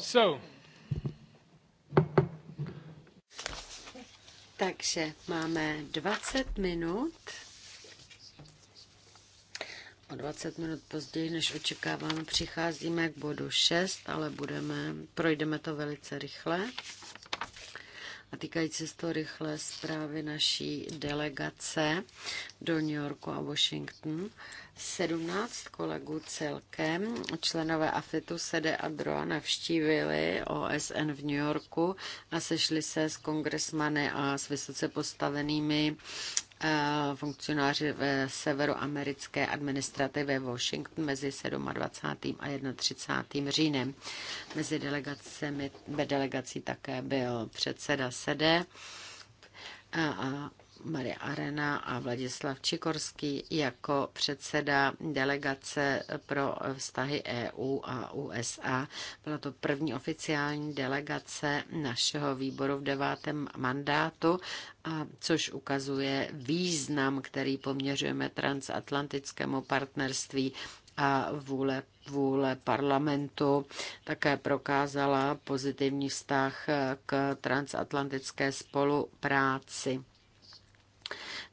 So. Takže máme 20 minut. O 20 minut později, než očekáváme, přicházíme k bodu 6, ale budeme, projdeme to velice rychle a týkající se to rychlé zprávy naší delegace do New Yorku a Washington. 17 kolegů celkem, členové AFITu, SEDE a DROA navštívili OSN v New Yorku a sešli se s kongresmany a s vysoce postavenými Eh, funkcionáři v severoamerické administrativě Washington mezi 27. a 31. říjnem. Mezi delegacemi, delegací také byl předseda SEDE a Marie Arena a Vladislav Čikorský jako předseda delegace pro vztahy EU a USA. Byla to první oficiální delegace našeho výboru v devátém mandátu, a což ukazuje význam, který poměřujeme transatlantickému partnerství a vůle, vůle parlamentu také prokázala pozitivní vztah k transatlantické spolupráci.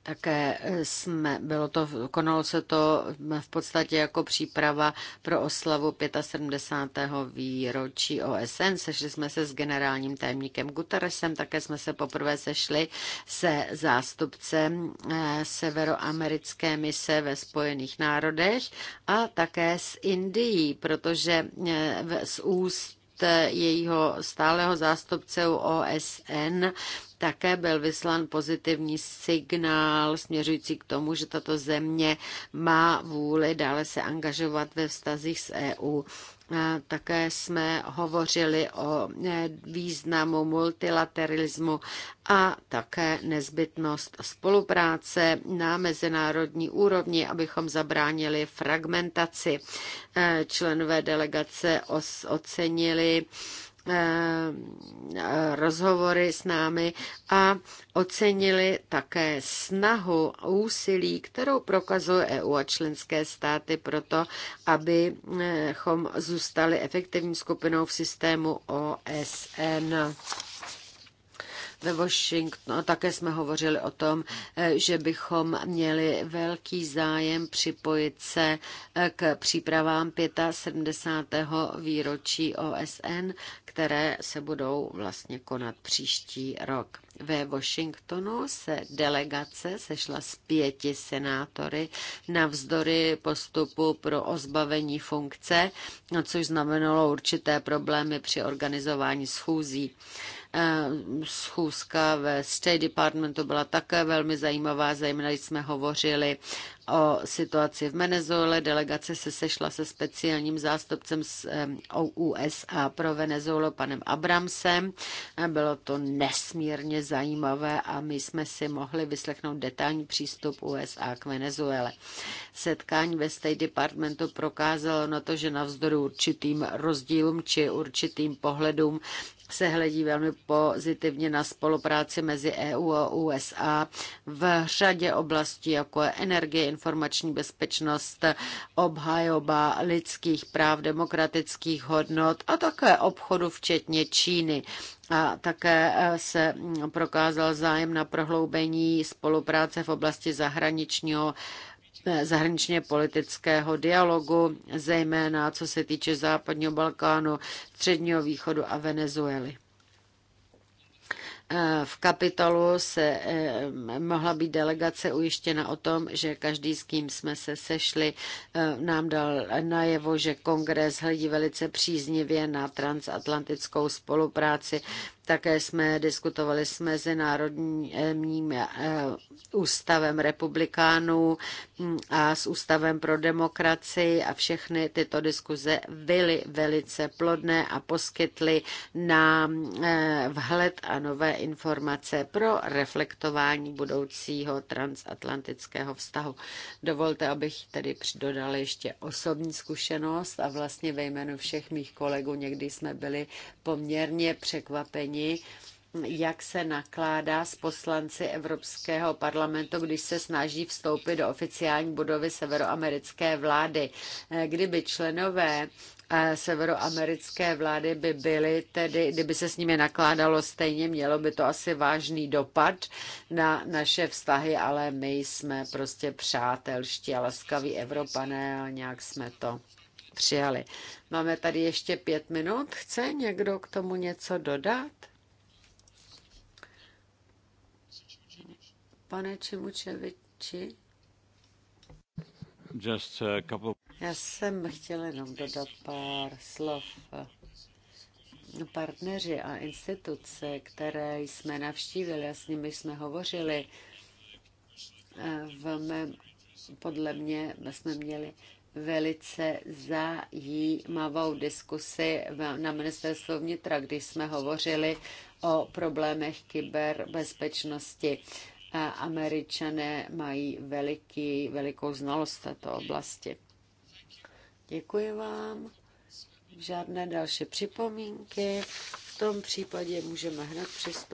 Také jsme, bylo to, konalo se to v podstatě jako příprava pro oslavu 75. výročí OSN. Sešli jsme se s generálním tajemníkem Guterresem, také jsme se poprvé sešli se zástupcem eh, severoamerické mise ve Spojených národech a také s Indií, protože eh, z úst eh, jejího stáleho zástupce u OSN také byl vyslan pozitivní signál směřující k tomu, že tato země má vůli dále se angažovat ve vztazích s EU. Také jsme hovořili o e, významu multilateralismu a také nezbytnost spolupráce na mezinárodní úrovni, abychom zabránili fragmentaci. E, členové delegace ocenili Eh, rozhovory s námi a ocenili také snahu a úsilí, kterou prokazuje EU a členské státy proto, abychom zůstali efektivní skupinou v systému OSN ve Washingtonu. Také jsme hovořili o tom, eh, že bychom měli velký zájem připojit se eh, k přípravám 75. výročí OSN, které se budou vlastně konat příští rok. Ve Washingtonu se delegace sešla s pěti senátory navzdory postupu pro ozbavení funkce, no, což znamenalo určité problémy při organizování schůzí eh, schůzka ve State Departmentu byla také velmi zajímavá, zejména jsme hovořili o situaci v Venezuele. Delegace se sešla se speciálním zástupcem z USA pro Venezuelu, panem Abramsem. Bylo to nesmírně zajímavé a my jsme si mohli vyslechnout detailní přístup USA k Venezuele. Setkání ve State Departmentu prokázalo na to, že navzdory určitým rozdílům či určitým pohledům se hledí velmi pozitivně na spolupráci mezi EU a USA v řadě oblastí, jako je energie, informační bezpečnost, obhajoba lidských práv, demokratických hodnot a také obchodu, včetně Číny. A také eh, se prokázal zájem na prohloubení spolupráce v oblasti zahraničního eh, zahraničně politického dialogu, zejména co se týče západního Balkánu, středního východu a Venezuely. Eh, v kapitolu se eh, mohla být delegace ujištěna o tom, že každý, s kým jsme se sešli, eh, nám dal najevo, že kongres hledí velice příznivě na transatlantickou spolupráci také jsme diskutovali s Mezinárodním eh, ústavem republikánů mm, a s Ústavem pro demokracii a všechny tyto diskuze byly velice plodné a poskytly nám eh, vhled a nové informace pro reflektování budoucího transatlantického vztahu. Dovolte, abych tedy přidodal ještě osobní zkušenost a vlastně ve jménu všech mých kolegů někdy jsme byli poměrně překvapeni, zjištění, jak se nakládá s poslanci Evropského parlamentu, když se snaží vstoupit do oficiální budovy severoamerické vlády. Eh, kdyby členové eh, severoamerické vlády by byly, tedy kdyby se s nimi nakládalo stejně, mělo by to asi vážný dopad na naše vztahy, ale my jsme prostě přátelští a laskaví Evropané a nějak jsme to přijali. Máme tady ještě pět minut. Chce někdo k tomu něco dodat? Pane Čimučeviči? Just a couple... Já jsem chtěl jenom dodat pár slov partneři a instituce, které jsme navštívili a s nimi jsme hovořili, eh, v mém, podle mě jsme měli velice zajímavou diskusi na ministerstvu vnitra, když jsme hovořili o problémech kyberbezpečnosti. Američané mají veliký, velikou znalost této oblasti. Děkuji vám. Žádné další připomínky. V tom případě můžeme hned přistoupit.